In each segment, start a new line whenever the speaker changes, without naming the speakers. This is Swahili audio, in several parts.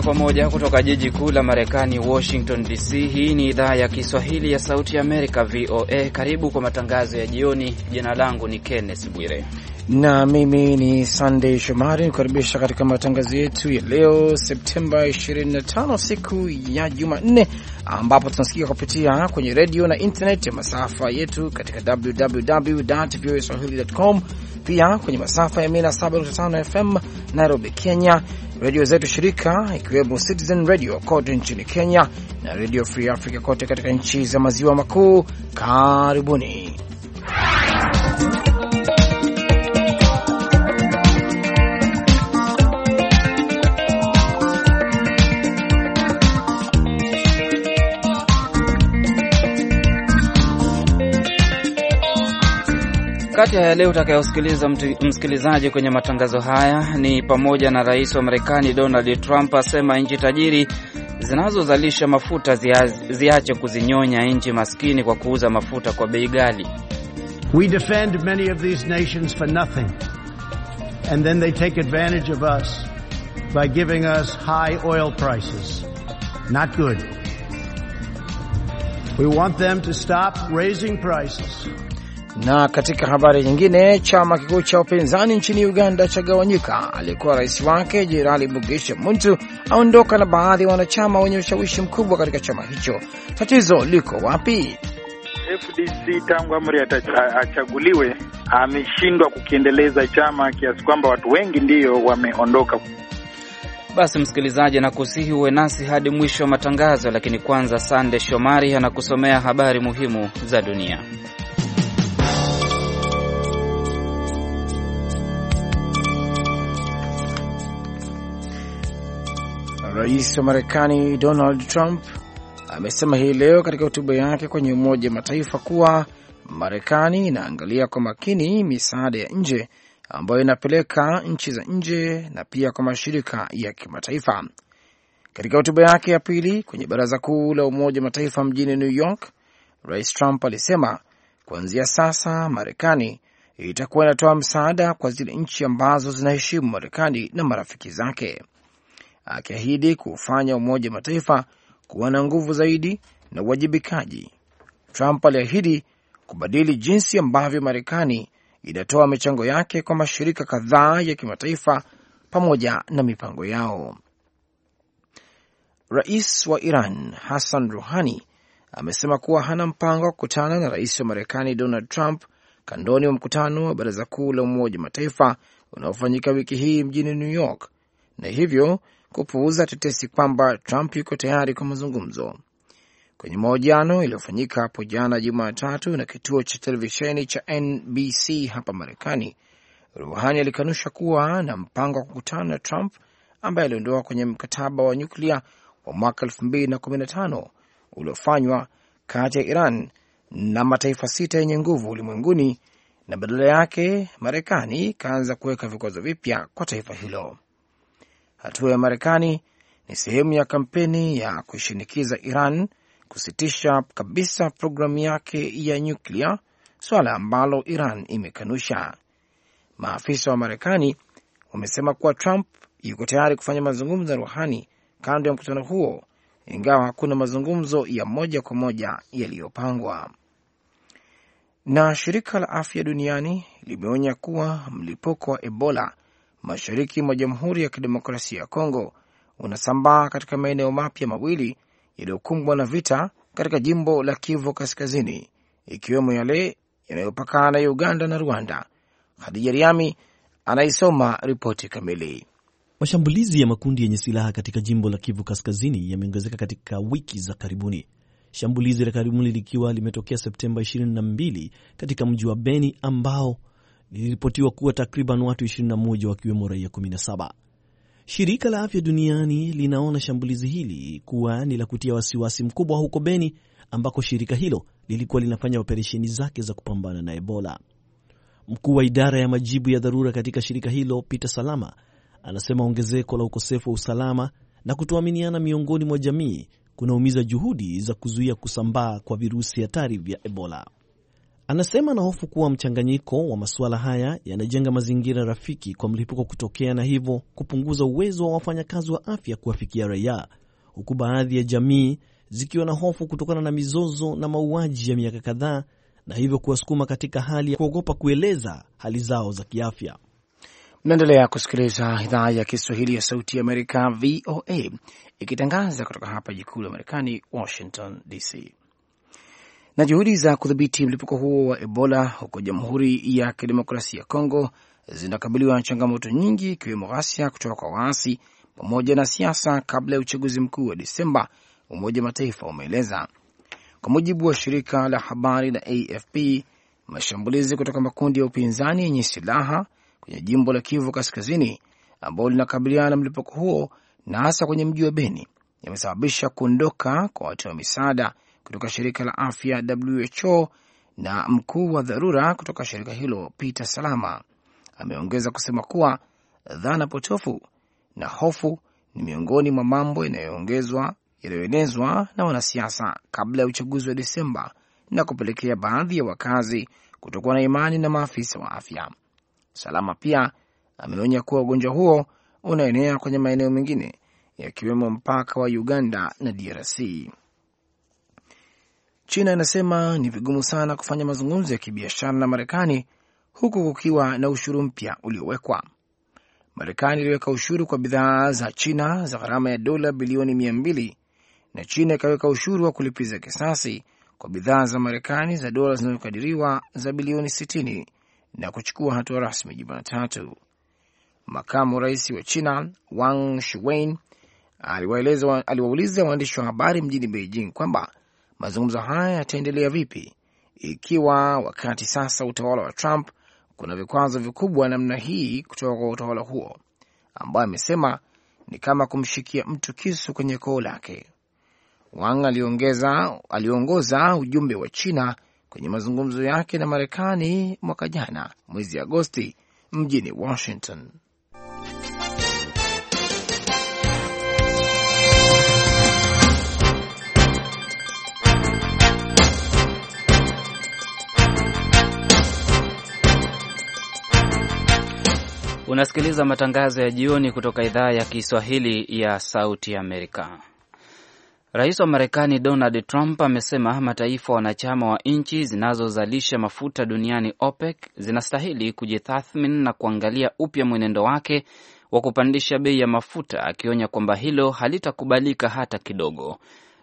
moja kwa moja kutoka jiji kuu la Marekani, Washington DC. Hii ni idhaa ya Kiswahili ya Sauti ya Amerika, VOA. Karibu kwa matangazo ya jioni. Jina langu ni Kenneth
Bwire na mimi ni sandey Shomari, nikukaribisha katika matangazo yetu ya leo Septemba 25 siku ya Jumanne, ambapo tunasikia kupitia kwenye redio na internet ya masafa yetu katika www.voaswahili.com, pia kwenye masafa ya 107.5 FM Nairobi, Kenya redio zetu shirika ikiwemo Citizen Radio kote nchini Kenya na Redio Free Africa kote katika nchi za maziwa makuu. Karibuni.
Kati ya yale utakayosikiliza msikilizaji kwenye matangazo haya ni pamoja na rais wa Marekani Donald Trump asema nchi tajiri zinazozalisha mafuta ziache kuzinyonya nchi maskini kwa kuuza mafuta kwa bei ghali.
We defend many of these nations for nothing and then they take advantage of us by giving us high oil prices. Not good. We want them to stop raising prices.
Na katika habari nyingine, chama kikuu cha upinzani nchini Uganda chagawanyika. Aliyekuwa rais wake Jenerali Mugisha Muntu aondoka na baadhi ya wanachama wenye ushawishi mkubwa katika chama hicho. Tatizo liko wapi?
FDC tangu amri achaguliwe ameshindwa kukiendeleza chama kiasi kwamba watu wengi ndiyo wameondoka.
Basi
msikilizaji, nakusihi uwe nasi hadi mwisho wa matangazo, lakini kwanza, Sande Shomari anakusomea habari muhimu za dunia.
Rais wa Marekani Donald Trump amesema hii leo katika hotuba yake kwenye Umoja wa Mataifa kuwa Marekani inaangalia kwa makini misaada ya nje ambayo inapeleka nchi za nje na pia kwa mashirika ya kimataifa. Katika hotuba yake ya pili kwenye Baraza Kuu la Umoja wa Mataifa mjini New York, Rais Trump alisema kuanzia sasa Marekani itakuwa inatoa msaada kwa zile nchi ambazo zinaheshimu Marekani na marafiki zake akiahidi kuufanya Umoja wa Mataifa kuwa na nguvu zaidi na uwajibikaji. Trump aliahidi kubadili jinsi ambavyo Marekani inatoa michango yake kwa mashirika kadhaa ya kimataifa pamoja na mipango yao. Rais wa Iran Hassan Ruhani amesema kuwa hana mpango wa kukutana na rais wa Marekani Donald Trump kandoni wa mkutano wa Baraza Kuu la Umoja wa Mataifa unaofanyika wiki hii mjini New York, na hivyo kupuuza tetesi kwamba Trump yuko tayari kwa mazungumzo. Kwenye mahojiano iliyofanyika hapo jana Jumatatu na kituo cha televisheni cha NBC hapa Marekani, Ruhani alikanusha kuwa na mpango wa kukutana na Trump ambaye aliondoa kwenye mkataba wa nyuklia wa mwaka 2015 uliofanywa kati ya Iran na mataifa sita yenye nguvu ulimwenguni, na badala yake Marekani ikaanza kuweka vikwazo vipya kwa taifa hilo. Hatua ya Marekani ni sehemu ya kampeni ya kuishinikiza Iran kusitisha kabisa programu yake ya nyuklia, suala ambalo Iran imekanusha. Maafisa wa Marekani wamesema kuwa Trump yuko tayari kufanya mazungumzo ya Ruhani kando ya mkutano huo, ingawa hakuna mazungumzo ya moja kwa moja yaliyopangwa. Na shirika la afya duniani limeonya kuwa mlipuko wa Ebola mashariki mwa Jamhuri ya Kidemokrasia ya Kongo unasambaa katika maeneo mapya mawili yaliyokumbwa na vita katika jimbo la Kivu Kaskazini, ikiwemo yale yanayopakana ya Uganda na Rwanda. Hadija Riami anaisoma ripoti kamili.
Mashambulizi ya makundi yenye silaha katika jimbo la Kivu Kaskazini yameongezeka katika wiki za karibuni, shambulizi la karibuni likiwa limetokea Septemba 22 katika mji wa Beni ambao liliripotiwa kuwa takriban watu 21 wakiwemo raia 17. Shirika la Afya Duniani linaona shambulizi hili kuwa ni la kutia wasiwasi mkubwa huko Beni, ambako shirika hilo lilikuwa linafanya operesheni zake za kupambana na Ebola. Mkuu wa idara ya majibu ya dharura katika shirika hilo Peter Salama anasema ongezeko la ukosefu wa usalama na kutoaminiana miongoni mwa jamii kunaumiza juhudi za kuzuia kusambaa kwa virusi hatari vya Ebola. Anasema hofu kuwa mchanganyiko wa masuala haya yanajenga mazingira rafiki kwa mlipuko kutokea na hivyo kupunguza uwezo wa wafanyakazi wa afya kuwafikia raia, huku baadhi ya jamii zikiwa na hofu kutokana na mizozo na mauaji ya miaka kadhaa, na hivyo kuwasukuma katika hali ya kuogopa kueleza hali zao
za kiafya. Mnaendelea kusikiliza idhaa ya Kiswahili ya Sauti ya Amerika, VOA, ikitangaza kutoka hapa jikuu la Marekani, Washington DC. Na juhudi za kudhibiti mlipuko huo wa Ebola huko Jamhuri ya Kidemokrasia ya Kongo zinakabiliwa na changamoto nyingi, ikiwemo ghasia kutoka kwa waasi pamoja na siasa kabla ya uchaguzi mkuu wa disemba Umoja Mataifa umeeleza. Kwa mujibu wa shirika la habari la AFP, mashambulizi kutoka makundi ya upinzani yenye silaha kwenye jimbo la Kivu Kaskazini ambao linakabiliana na mlipuko huo na hasa kwenye mji wa Beni yamesababisha kuondoka kwa watu wa misaada kutoka shirika la afya WHO na mkuu wa dharura kutoka shirika hilo Peter Salama ameongeza kusema kuwa dhana potofu na hofu ni miongoni mwa mambo yanayoongezwa yaliyoenezwa na wanasiasa kabla ya uchaguzi wa Desemba na kupelekea baadhi ya wakazi kutokuwa na imani na maafisa wa afya. Salama pia ameonya kuwa ugonjwa huo unaenea kwenye maeneo mengine yakiwemo mpaka wa Uganda na DRC. China inasema ni vigumu sana kufanya mazungumzo ya kibiashara na Marekani huku kukiwa na ushuru mpya uliowekwa. Marekani iliweka ushuru kwa bidhaa za China za gharama ya dola bilioni mia mbili na China ikaweka ushuru wa kulipiza kisasi kwa bidhaa za Marekani za dola zinazokadiriwa za bilioni 60 na kuchukua hatua rasmi Jumatatu. Makamu rais wa China Wang Shuwein aliwauliza waandishi wa habari mjini Beijing kwamba mazungumzo haya yataendelea vipi ikiwa wakati sasa utawala wa Trump kuna vikwazo vikubwa namna hii kutoka kwa utawala huo ambayo amesema ni kama kumshikia mtu kisu kwenye koo lake. Wang aliongeza, aliongoza ujumbe wa China kwenye mazungumzo yake na Marekani mwaka jana mwezi Agosti mjini Washington.
Unasikiliza matangazo ya jioni kutoka idhaa ya Kiswahili ya Sauti Amerika. Rais wa Marekani Donald Trump amesema mataifa wanachama wa nchi zinazozalisha mafuta duniani OPEC zinastahili kujitathmini na kuangalia upya mwenendo wake wa kupandisha bei ya mafuta, akionya kwamba hilo halitakubalika hata kidogo.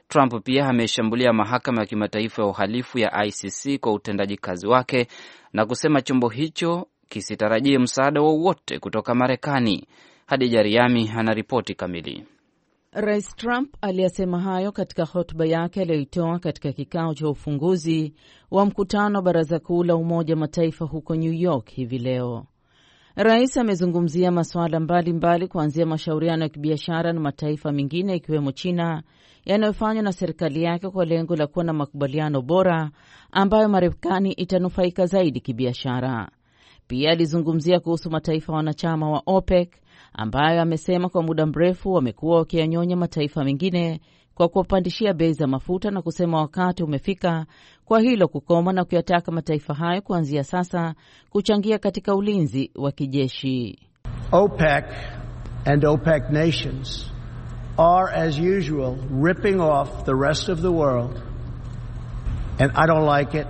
Trump pia ameshambulia mahakama ya kimataifa ya uhalifu ya ICC kwa utendaji kazi wake na kusema chombo hicho kisitarajie msaada wowote kutoka Marekani. Hadija Riami anaripoti kamili.
Rais Trump aliyasema hayo katika hotuba yake aliyoitoa katika kikao cha ufunguzi wa mkutano wa Baraza Kuu la Umoja Mataifa huko New York hivi leo. Rais amezungumzia masuala mbalimbali kuanzia mashauriano ya kibiashara na mataifa mengine ikiwemo China yanayofanywa na serikali yake kwa lengo la kuwa na makubaliano bora ambayo Marekani itanufaika zaidi kibiashara. Pia alizungumzia kuhusu mataifa wanachama wa OPEC ambayo amesema kwa muda mrefu wamekuwa wakiyanyonya mataifa mengine kwa kuwapandishia bei za mafuta na kusema wakati umefika kwa hilo kukoma na kuyataka mataifa hayo kuanzia sasa kuchangia katika
ulinzi wa kijeshi. OPEC and OPEC nations are as usual ripping off the rest of the world and I don't like it.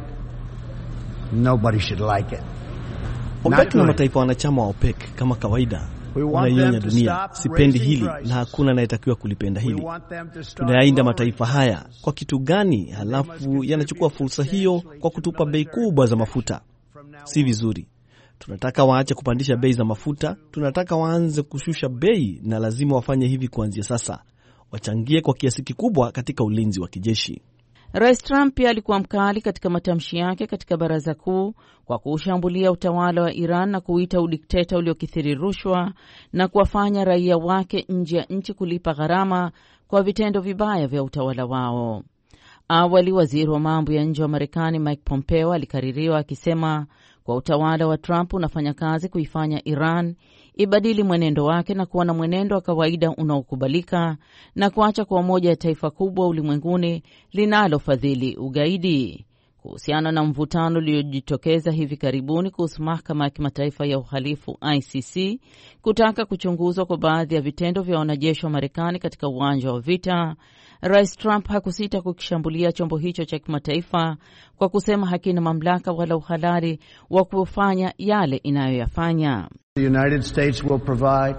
Nobody should like it. OPEC na mataifa wanachama wa OPEC kama kawaida unaionya dunia. Sipendi hili na hakuna
anayetakiwa kulipenda hili. Tunayainda mataifa haya kwa kitu gani? Halafu yanachukua fursa hiyo kwa kutupa bei kubwa za mafuta. Si vizuri. Tunataka waache kupandisha bei za mafuta, tunataka waanze kushusha bei, na lazima wafanye hivi kuanzia sasa. Wachangie kwa kiasi kikubwa katika ulinzi wa kijeshi.
Rais Trump pia alikuwa mkali katika matamshi yake katika baraza kuu kwa kuushambulia utawala wa Iran na kuuita udikteta uliokithiri rushwa na kuwafanya raia wake nje ya nchi kulipa gharama kwa vitendo vibaya vya utawala wao. Awali waziri wa mambo ya nje wa Marekani Mike Pompeo alikaririwa akisema kwa utawala wa Trump unafanya kazi kuifanya Iran ibadili mwenendo wake na kuwa na mwenendo wa kawaida unaokubalika na kuacha kuwa moja ya taifa kubwa ulimwenguni linalofadhili ugaidi kuhusiana na mvutano uliojitokeza hivi karibuni kuhusu mahakama ya kimataifa ya uhalifu ICC kutaka kuchunguzwa kwa baadhi ya vitendo vya wanajeshi wa Marekani katika uwanja wa vita. Rais Trump hakusita kukishambulia chombo hicho cha kimataifa kwa kusema hakina mamlaka wala uhalali wa kufanya yale inayoyafanya.
The United States will provide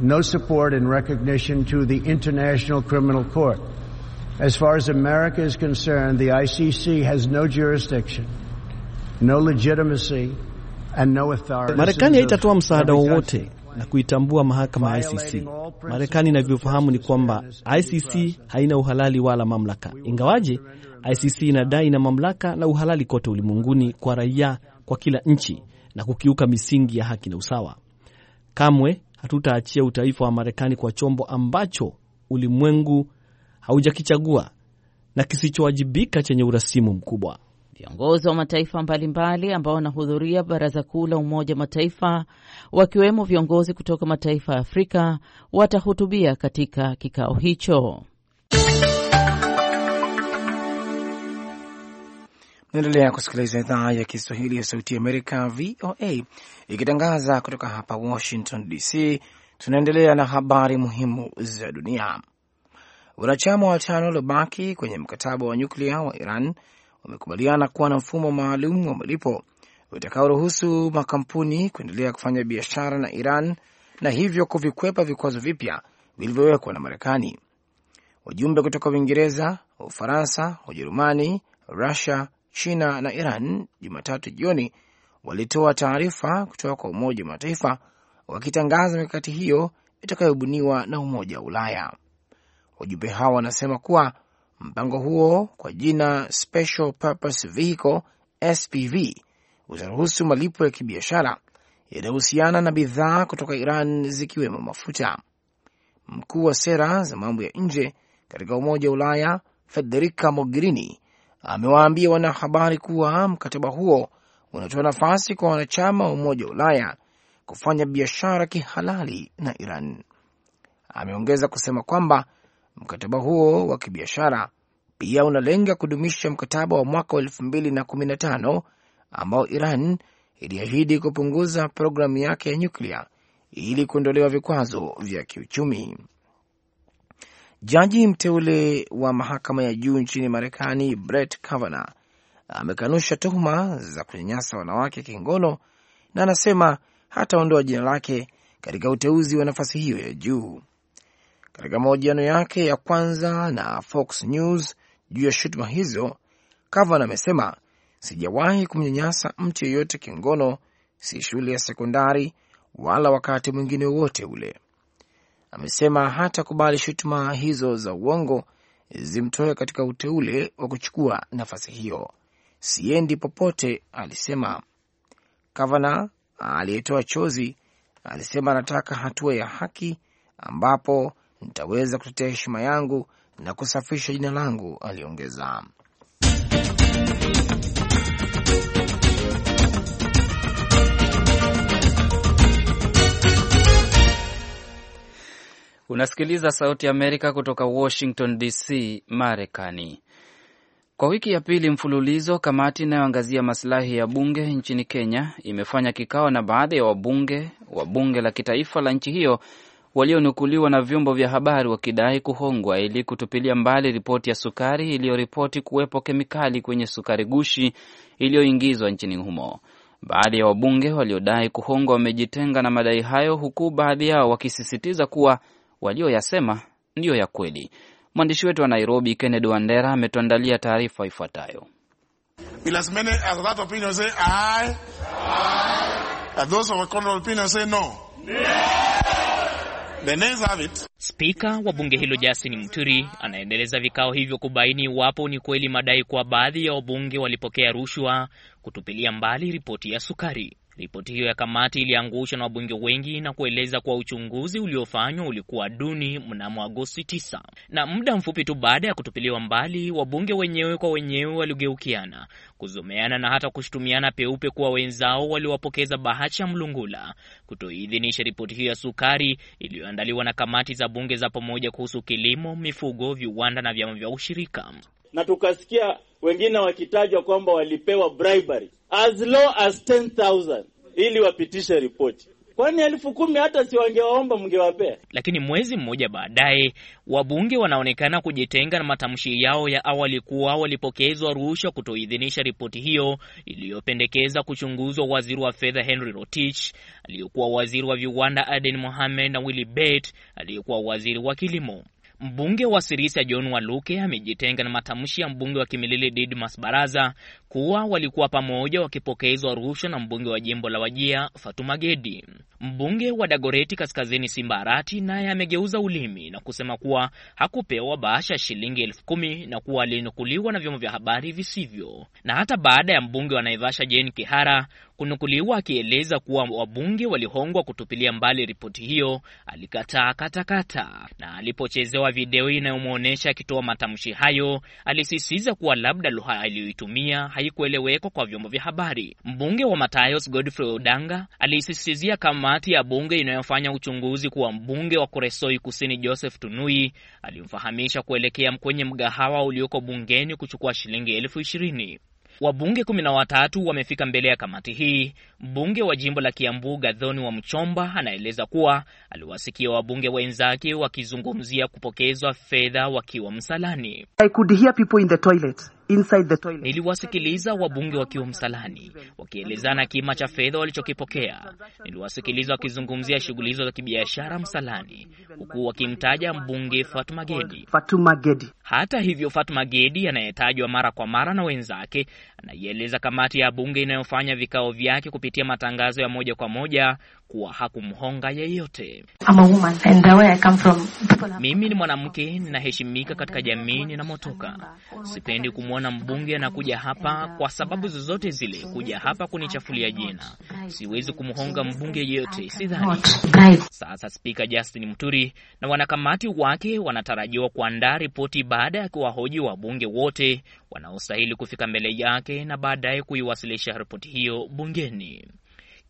no support and recognition to the International Criminal Court As far as America is concerned, the ICC has no jurisdiction, no legitimacy, and no authority. Marekani haitatoa msaada wowote
na kuitambua mahakama ya ICC. Marekani inavyofahamu ni kwamba ICC haina uhalali wala mamlaka, ingawaje ICC inadai ina mamlaka na uhalali kote ulimwenguni kwa raia, kwa kila nchi na kukiuka misingi ya haki na usawa. Kamwe hatutaachia utaifa wa Marekani kwa chombo ambacho ulimwengu haujakichagua na kisichowajibika chenye urasimu mkubwa.
Viongozi wa mataifa mbalimbali ambao wanahudhuria Baraza Kuu la Umoja wa Mataifa, wakiwemo viongozi kutoka mataifa ya Afrika, watahutubia katika kikao hicho.
Naendelea kusikiliza idhaa ya Kiswahili ya Sauti ya Amerika, VOA, ikitangaza kutoka hapa Washington DC. Tunaendelea na habari muhimu za dunia. Wanachama watano waliobaki kwenye mkataba wa nyuklia wa Iran wamekubaliana kuwa na mfumo maalum wa malipo utakaoruhusu makampuni kuendelea kufanya biashara na Iran na hivyo kuvikwepa vikwazo vipya vilivyowekwa na Marekani. Wajumbe kutoka Uingereza, Ufaransa, Ujerumani, Rusia, China na Iran Jumatatu jioni walitoa taarifa kutoka kwa Umoja wa Mataifa wakitangaza mikakati hiyo itakayobuniwa na Umoja wa Ulaya. Wajumbe hao wanasema kuwa mpango huo kwa jina Special Purpose Vehicle SPV utaruhusu malipo ya kibiashara yanayohusiana na bidhaa kutoka Iran zikiwemo mafuta. Mkuu wa sera za mambo ya nje katika Umoja wa Ulaya Federica Mogherini amewaambia wanahabari kuwa mkataba huo unatoa nafasi kwa wanachama wa Umoja wa Ulaya kufanya biashara kihalali na Iran. Ameongeza kusema kwamba Mkataba huo wa kibiashara pia unalenga kudumisha mkataba wa mwaka wa elfu mbili na kumi na tano ambao Iran iliahidi kupunguza programu yake ya nyuklia ili kuondolewa vikwazo vya kiuchumi. Jaji mteule wa mahakama ya juu nchini Marekani Brett Kavanaugh amekanusha tuhuma za kunyanyasa wanawake kingono na anasema hataondoa jina lake katika uteuzi wa nafasi hiyo ya juu katika mahojiano yake ya kwanza na Fox News juu ya shutuma hizo, Kavan amesema sijawahi kumnyanyasa mtu yeyote kingono, si shule ya sekondari wala wakati mwingine wowote ule. Amesema hata kubali shutuma hizo za uongo zimtoe katika uteule wa kuchukua nafasi hiyo. Siendi popote, alisema Kavana aliyetoa chozi. Alisema anataka hatua ya haki ambapo nitaweza kutetea heshima yangu na kusafisha jina langu, aliongeza.
Unasikiliza Sauti ya Amerika kutoka Washington DC, Marekani. Kwa wiki ya pili mfululizo, kamati inayoangazia masilahi ya bunge nchini Kenya imefanya kikao na baadhi ya wabunge wa bunge la kitaifa la nchi hiyo walionukuliwa na vyombo vya habari wakidai kuhongwa ili kutupilia mbali ripoti ya sukari iliyoripoti kuwepo kemikali kwenye sukari gushi iliyoingizwa nchini humo. Baadhi ya wabunge waliodai kuhongwa wamejitenga na madai hayo, huku baadhi yao wakisisitiza kuwa walioyasema ndiyo ya kweli. Mwandishi wetu wa Nairobi, Kennedy Wandera, ametuandalia taarifa ifuatayo.
No. Spika wa bunge
hilo Justin Muturi anaendeleza vikao hivyo kubaini iwapo ni kweli madai kuwa baadhi ya wabunge walipokea rushwa, kutupilia mbali ripoti ya sukari. Ripoti hiyo ya kamati iliangushwa na wabunge wengi na kueleza kuwa uchunguzi uliofanywa ulikuwa duni mnamo Agosti 9. Na muda mfupi tu baada ya kutupiliwa mbali, wabunge wenyewe kwa wenyewe waligeukiana, kuzomeana na hata kushutumiana peupe kuwa wenzao waliwapokeza ya mlungula kutoidhinisha ripoti hiyo ya sukari iliyoandaliwa na kamati za bunge za pamoja kuhusu kilimo, mifugo, viwanda na vyama vya ushirika
na tukasikia wengine wakitajwa kwamba walipewa bribery as low as 10,000 ili wapitishe ripoti. Kwani elfu kumi hata si wangewaomba mngewapea?
Lakini mwezi mmoja baadaye, wabunge wanaonekana kujitenga na matamshi yao ya awali kuwa walipokezwa rushwa kutoidhinisha ripoti hiyo iliyopendekeza kuchunguzwa waziri wa fedha Henry Rotich, aliyekuwa waziri wa viwanda Aden Mohamed na Willy Bett, aliyekuwa waziri wa kilimo. Mbunge wa Sirisia John Waluke amejitenga na matamshi ya mbunge wa Kimilili Didmas Baraza kuwa walikuwa pamoja wakipokezwa rushwa na mbunge wa jimbo la Wajia Fatuma Gedi. Mbunge wa Dagoreti Kaskazini Simba Arati naye amegeuza ulimi na kusema kuwa hakupewa bahasha shilingi elfu kumi na kuwa alinukuliwa na vyombo vya habari visivyo. Na hata baada ya mbunge wa Naivasha Jane Kihara Kunukuliwa akieleza kuwa wabunge walihongwa kutupilia mbali ripoti hiyo, alikataa katakata, na alipochezewa video inayomwonyesha akitoa matamshi hayo, alisisitiza kuwa labda lugha aliyoitumia haikuelewekwa kwa vyombo vya habari. Mbunge wa Matayos Godfrey Odanga aliisisitizia kamati ya bunge inayofanya uchunguzi kuwa mbunge wa Koresoi Kusini Joseph Tunui alimfahamisha kuelekea kwenye mgahawa ulioko bungeni kuchukua shilingi elfu ishirini. Wabunge kumi na watatu wamefika mbele ya kamati hii. Mbunge wa jimbo la Kiambu Gadhoni wa Mchomba anaeleza kuwa aliwasikia wabunge wenzake wakizungumzia kupokezwa fedha wakiwa msalani.
I could hear people in the toilet inside the toilet.
Niliwasikiliza wabunge wakiwa msalani wakielezana kima cha fedha walichokipokea. Niliwasikiliza wakizungumzia shughuli hizo za kibiashara msalani, huku wakimtaja mbunge Fatuma Gedi.
Fatuma Gedi.
Hata hivyo, Fatuma Gedi anayetajwa mara kwa mara na wenzake, anaieleza kamati ya bunge inayofanya vikao vyake kupitia matangazo ya moja kwa moja kuwa hakumhonga yeyote. Mimi ni mwanamke, ninaheshimika katika jamii ninamotoka. Sipendi kumwona mbunge anakuja hapa kwa sababu zozote zile, kuja hapa kunichafulia jina. Siwezi kumhonga mbunge yeyote, sidhani. Sasa Spika Justin Muturi na wanakamati wake wanatarajiwa kuandaa ripoti baada ya kuwahoji wabunge wote wanaostahili kufika mbele yake na baadaye kuiwasilisha ripoti hiyo bungeni.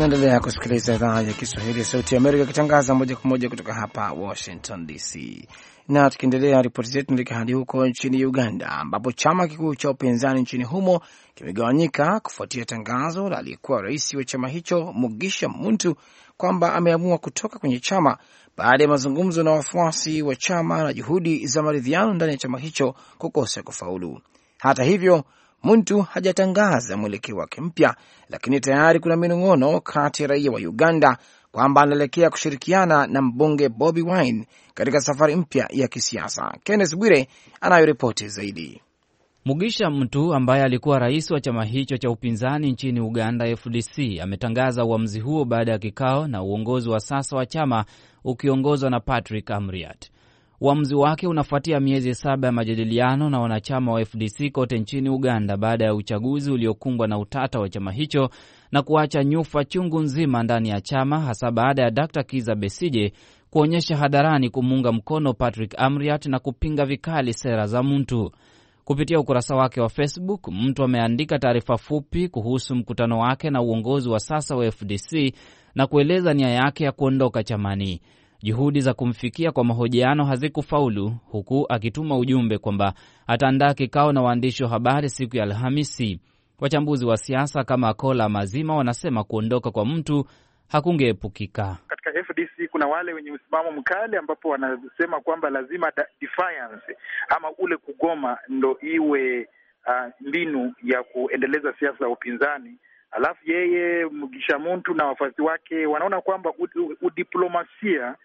Naendelea kusikiliza idhaa ya Kiswahili ya Sauti ya Amerika ikitangaza moja kwa moja kutoka hapa Washington DC. Na tukiendelea ripoti zetu, nilika hadi huko nchini Uganda, ambapo chama kikuu cha upinzani nchini humo kimegawanyika kufuatia tangazo la aliyekuwa rais wa chama hicho Mugisha Muntu kwamba ameamua kutoka kwenye chama baada ya mazungumzo na wafuasi wa chama na juhudi za maridhiano ndani ya chama hicho kukosa kufaulu. Hata hivyo Muntu hajatangaza mwelekeo wake mpya, lakini tayari kuna minong'ono kati ya raia wa Uganda kwamba anaelekea kushirikiana na mbunge Bobi Wine katika safari mpya ya kisiasa. Kenneth Bwire anayo ripoti zaidi.
Mugisha Mtu ambaye alikuwa rais wa chama hicho cha upinzani nchini Uganda, FDC, ametangaza uamuzi huo baada ya kikao na uongozi wa sasa wa chama ukiongozwa na Patrick Amriat. Uamuzi wake unafuatia miezi saba ya majadiliano na wanachama wa FDC kote nchini Uganda baada ya uchaguzi uliokumbwa na utata wa chama hicho na kuacha nyufa chungu nzima ndani ya chama, hasa baada ya Dr Kiza Besije kuonyesha hadharani kumuunga mkono Patrick Amriat na kupinga vikali sera za mtu. Kupitia ukurasa wake wa Facebook, mtu ameandika taarifa fupi kuhusu mkutano wake na uongozi wa sasa wa FDC na kueleza nia yake ya kuondoka chamani. Juhudi za kumfikia kwa mahojiano hazikufaulu, huku akituma ujumbe kwamba ataandaa kikao na waandishi wa habari siku ya Alhamisi. Wachambuzi wa siasa kama Kola Mazima wanasema kuondoka kwa mtu hakungeepukika.
Katika FDC kuna wale wenye msimamo mkali, ambapo wanasema kwamba lazima defiance ama ule kugoma ndo iwe uh, mbinu ya kuendeleza siasa za upinzani. Alafu yeye Mugisha Muntu na wafuasi wake wanaona kwamba udiplomasia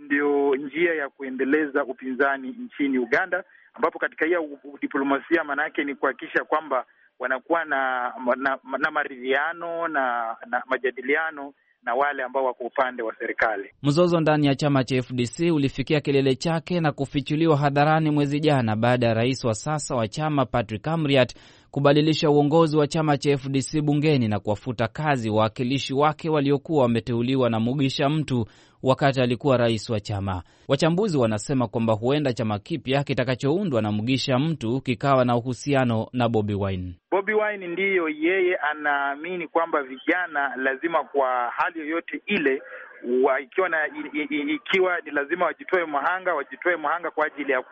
ndio njia ya kuendeleza upinzani nchini Uganda, ambapo katika hiya diplomasia maana yake ni kuhakikisha kwamba wanakuwa na na, na maridhiano na, na majadiliano na wale ambao wako upande wa serikali.
Mzozo ndani ya chama cha FDC ulifikia kilele chake na kufichuliwa hadharani mwezi jana baada ya rais wa sasa wa chama Patrick Amriat kubadilisha uongozi wa chama cha FDC bungeni na kuwafuta kazi wawakilishi wake waliokuwa wameteuliwa na Mugisha Mtu wakati alikuwa rais wa chama. Wachambuzi wanasema kwamba huenda chama kipya kitakachoundwa na Mugisha Mtu kikawa na uhusiano na Bobi Wine.
Bobi Wine ndiyo yeye anaamini kwamba vijana lazima kwa hali yoyote ile wa, ikiwa na, i, i, ikiwa ni lazima wajitoe mhanga, wajitoe mhanga kwa ajili ya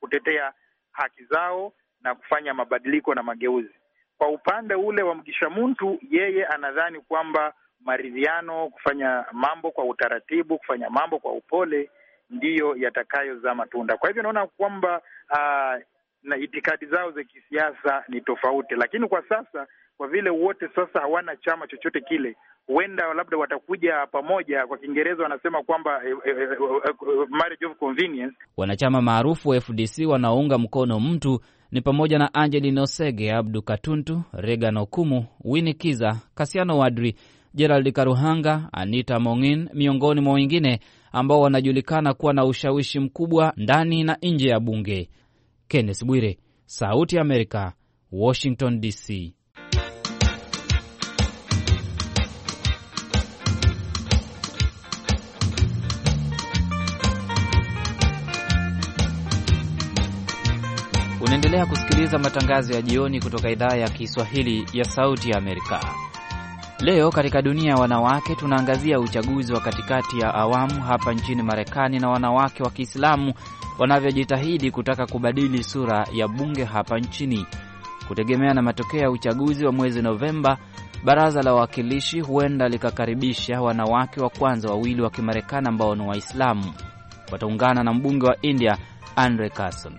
kutetea haki zao na kufanya mabadiliko na mageuzi. Kwa upande ule wa Mgishamuntu, yeye anadhani kwamba maridhiano, kufanya mambo kwa utaratibu, kufanya mambo kwa upole ndiyo yatakayozaa matunda. Kwa hivyo naona kwamba uh, na itikadi zao za kisiasa ni tofauti, lakini kwa sasa kwa vile wote sasa hawana chama chochote kile, huenda labda watakuja pamoja. Kwa Kiingereza wanasema kwamba eh, eh, eh, eh, eh marriage of convenience.
Wanachama maarufu wa FDC wanaounga mkono mtu ni pamoja na angeli nosege Abdu Katuntu, Regan Okumu, Wini Kiza, Kasiano Wadri, Gerald Karuhanga, Anita Mong'in, miongoni mwa wengine ambao wanajulikana kuwa na ushawishi mkubwa ndani na nje ya bunge. Kenneth Bwire, Sauti ya Amerika, Washington DC. Unaendelea kusikiliza matangazo ya jioni kutoka idhaa ya Kiswahili ya Sauti ya Amerika. Leo katika dunia ya wanawake tunaangazia uchaguzi wa katikati ya awamu hapa nchini Marekani na wanawake wa Kiislamu wanavyojitahidi kutaka kubadili sura ya bunge hapa nchini. Kutegemea na matokeo ya uchaguzi wa mwezi Novemba, baraza la wawakilishi huenda likakaribisha wanawake wa kwanza wawili wa Kimarekani ambao ni Waislamu. Wataungana na mbunge wa India Andre Carson.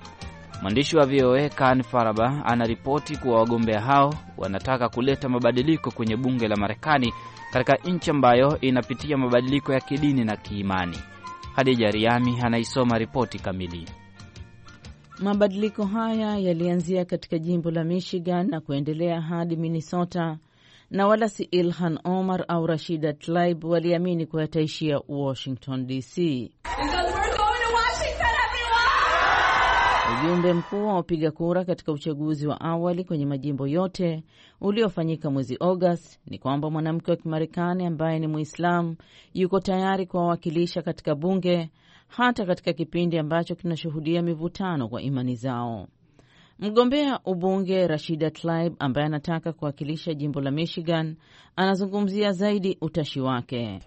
Mwandishi wa VOA Kan Faraba anaripoti kuwa wagombea hao wanataka kuleta mabadiliko kwenye bunge la Marekani katika nchi ambayo inapitia mabadiliko ya kidini na kiimani. Hadija Riami anaisoma ripoti kamili.
Mabadiliko haya yalianzia katika jimbo la Michigan na kuendelea hadi Minnesota, na wala si Ilhan Omar au Rashida Tlaib waliamini kuwa yataishia Washington DC. Ujumbe mkuu wa wapiga kura katika uchaguzi wa awali kwenye majimbo yote uliofanyika mwezi Agosti ni kwamba mwanamke wa Kimarekani ambaye ni Muislamu yuko tayari kuwawakilisha katika bunge hata katika kipindi ambacho kinashuhudia mivutano kwa imani zao. Mgombea ubunge Rashida Tlaib ambaye anataka kuwakilisha jimbo la Michigan anazungumzia zaidi utashi wake.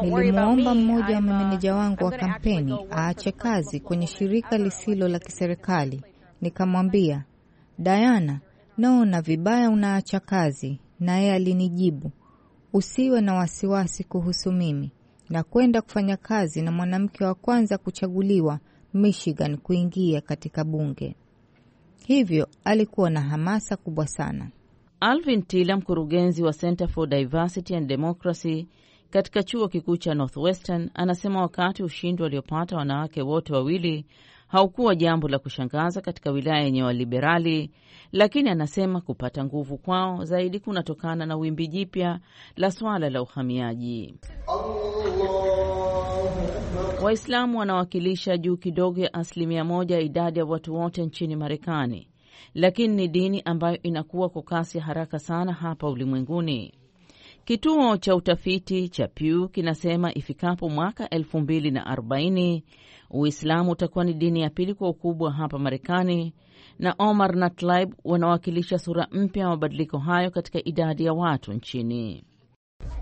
Nilimwomba mmoja wa
mameneja uh, wangu wa kampeni aache kazi kwenye shirika lisilo la kiserikali, nikamwambia Diana, naona vibaya unaacha kazi, naye alinijibu usiwe na wasiwasi kuhusu mimi. na kwenda kufanya kazi na mwanamke wa kwanza kuchaguliwa Michigan kuingia katika bunge. Hivyo alikuwa na hamasa kubwa sana. Alvin Tila, mkurugenzi wa Center for Diversity and Democracy katika chuo kikuu cha Northwestern, anasema wakati ushindi waliopata wanawake wote wawili haukuwa jambo la kushangaza katika wilaya yenye waliberali, lakini anasema kupata nguvu kwao zaidi kunatokana na wimbi jipya la swala la uhamiaji. Waislamu wanawakilisha juu kidogo ya asilimia moja ya idadi ya watu wote nchini Marekani, lakini ni dini ambayo inakuwa kwa kasi haraka sana hapa ulimwenguni. Kituo cha utafiti cha Pew kinasema ifikapo mwaka 2040 Uislamu utakuwa ni dini ya pili kwa ukubwa hapa Marekani, na Omar na Tlaib wanawakilisha sura mpya ya mabadiliko hayo katika idadi ya watu nchini.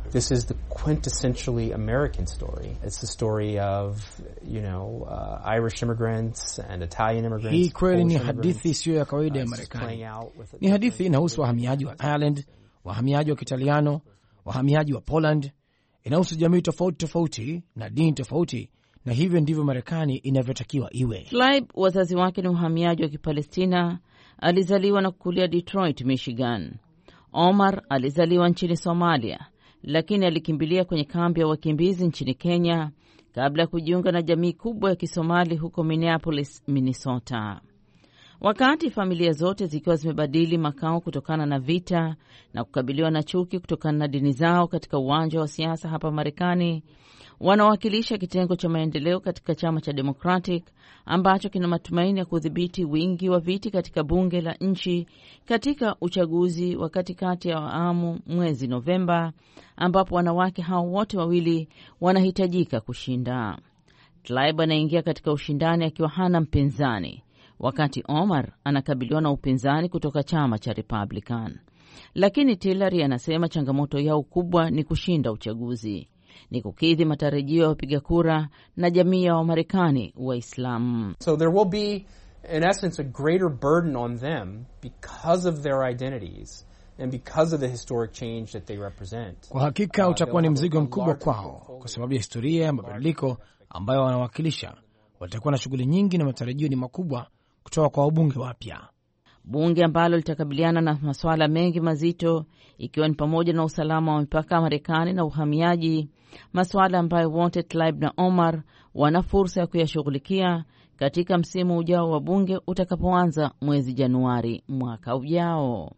This is the
quintessentially American story. It's the story of, you know, uh, Irish
immigrants
and Italian immigrants. Hii kweli ni hadithi isiyo
ya kawaida ya uh, Marekani. Ni hadithi inahusu wahamiaji wa Ireland, wahamiaji wa Kitaliano, wahamiaji wa Poland. Inahusu jamii tofauti tofauti na dini tofauti na hivyo ndivyo Marekani inavyotakiwa iwe.
Tlaib wazazi wake ni uhamiaji wa Kipalestina, alizaliwa na kukulia Detroit, Michigan. Omar alizaliwa nchini Somalia, lakini alikimbilia kwenye kambi ya wakimbizi nchini Kenya kabla ya kujiunga na jamii kubwa ya Kisomali huko Minneapolis, Minnesota. Wakati familia zote zikiwa zimebadili makao kutokana na vita na kukabiliwa na chuki kutokana na dini zao katika uwanja wa siasa hapa Marekani, wanawakilisha kitengo cha maendeleo katika chama cha Democratic ambacho kina matumaini ya kudhibiti wingi wa viti katika bunge la nchi katika uchaguzi wa katikati ya awamu mwezi Novemba, ambapo wanawake hao wote wawili wanahitajika kushinda. Tlaib anaingia katika ushindani akiwa hana mpinzani, wakati Omar anakabiliwa na upinzani kutoka chama cha Republican, lakini Tillary anasema changamoto yao kubwa ni kushinda uchaguzi ni kukidhi matarajio ya wapiga kura na jamii ya Wamarekani Waislamu. So there will be
in essence a greater burden on them because of their identities. And because of the historic change that they represent. Kwa hakika uh, utakuwa ni mzigo
mkubwa kwao kwa sababu ya historia ya mabadiliko ambayo wanawakilisha. Watakuwa na shughuli nyingi na matarajio ni makubwa kutoka kwa wabunge wapya
bunge ambalo litakabiliana na masuala mengi mazito ikiwa ni pamoja na usalama wa mipaka ya Marekani na uhamiaji, masuala ambayo wote Tlaib na Omar wana fursa ya kuyashughulikia katika msimu ujao wa bunge utakapoanza mwezi Januari mwaka ujao.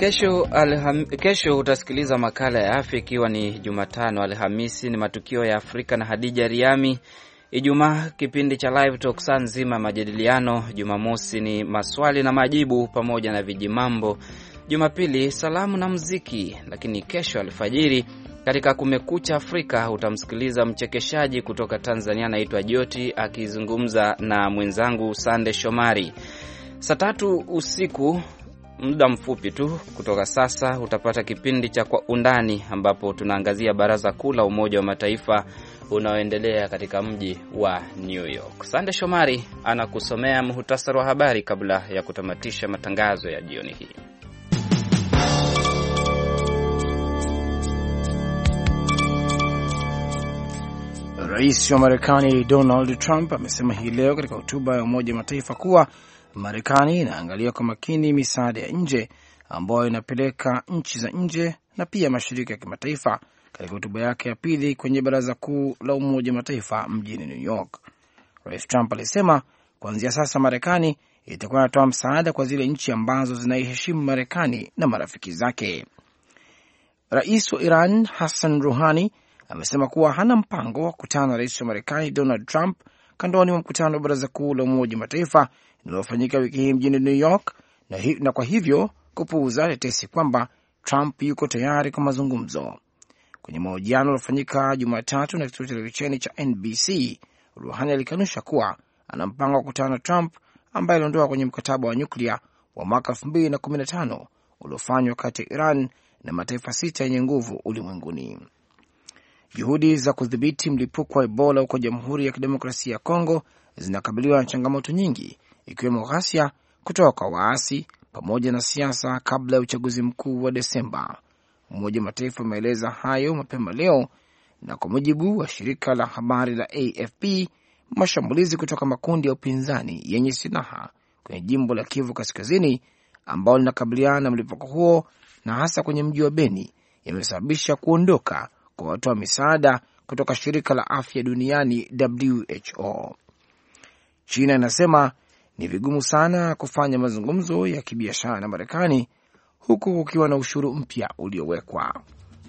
Kesho, alham, kesho utasikiliza makala ya afya ikiwa ni Jumatano. Alhamisi ni matukio ya Afrika na Hadija Riami. Ijumaa kipindi cha Live Talk, saa nzima ya majadiliano. Jumamosi ni maswali na majibu pamoja na vijimambo. Jumapili salamu na muziki, lakini kesho alfajiri katika Kumekucha Afrika utamsikiliza mchekeshaji kutoka Tanzania anaitwa Joti akizungumza na mwenzangu Sande Shomari. Saa tatu usiku Muda mfupi tu kutoka sasa utapata kipindi cha Kwa Undani, ambapo tunaangazia baraza kuu la Umoja wa Mataifa unaoendelea katika mji wa New York. Sande Shomari anakusomea muhutasari wa habari kabla ya kutamatisha matangazo ya jioni hii.
Rais wa Marekani Donald Trump amesema hii leo katika hotuba ya Umoja wa Mataifa kuwa Marekani inaangalia kwa makini misaada ya nje ambayo inapeleka nchi za nje na pia mashirika ya kimataifa. Katika hotuba yake ya pili kwenye Baraza Kuu la Umoja wa Mataifa mjini New York, Rais Trump alisema kuanzia sasa Marekani itakuwa inatoa msaada kwa zile nchi ambazo zinaiheshimu Marekani na marafiki zake. Rais wa Iran Hassan Ruhani amesema kuwa hana mpango wa kukutana na rais wa Marekani Donald Trump kandoni mwa mkutano wa baraza kuu la Umoja Mataifa linalofanyika wiki hii mjini New York na, hi, na kwa hivyo kupuuza tetesi kwamba Trump yuko tayari kwa mazungumzo. Kwenye mahojiano aliofanyika Jumatatu na kituo cha televisheni cha NBC, Ruhani alikanusha kuwa ana mpango wa kukutana na Trump ambaye aliondoka kwenye mkataba wa nyuklia wa mwaka 2015 uliofanywa kati ya Iran na mataifa sita yenye nguvu ulimwenguni. Juhudi za kudhibiti mlipuko wa Ebola huko Jamhuri ya Kidemokrasia ya Kongo zinakabiliwa na changamoto nyingi, ikiwemo ghasia kutoka kwa waasi pamoja na siasa kabla ya uchaguzi mkuu wa Desemba. Umoja wa Mataifa umeeleza hayo mapema leo, na kwa mujibu wa shirika la habari la AFP, mashambulizi kutoka makundi ya upinzani yenye silaha kwenye jimbo la Kivu Kaskazini ambalo linakabiliana na mlipuko huo na hasa kwenye mji wa Beni yamesababisha kuondoka kwa watoa misaada kutoka shirika la afya duniani WHO. China inasema ni vigumu sana kufanya mazungumzo ya kibiashara na Marekani huku kukiwa na ushuru mpya uliowekwa.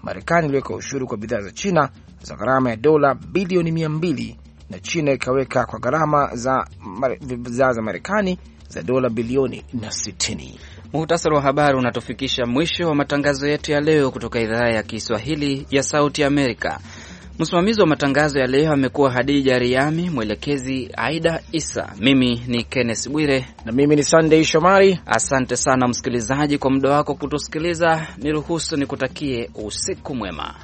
Marekani iliweka ushuru kwa bidhaa za China za gharama ya dola bilioni mia mbili na China ikaweka kwa gharama za bidhaa za Marekani za dola bilioni na sitini.
Muhtasari wa habari unatufikisha mwisho wa matangazo yetu ya leo kutoka idhaa ya Kiswahili ya Sauti Amerika. Msimamizi wa matangazo ya leo amekuwa Hadija Riami, mwelekezi Aida Isa, mimi ni Kenneth Bwire na mimi ni sandey Shomari. Asante sana msikilizaji kwa muda wako kutusikiliza. Niruhusu nikutakie usiku mwema.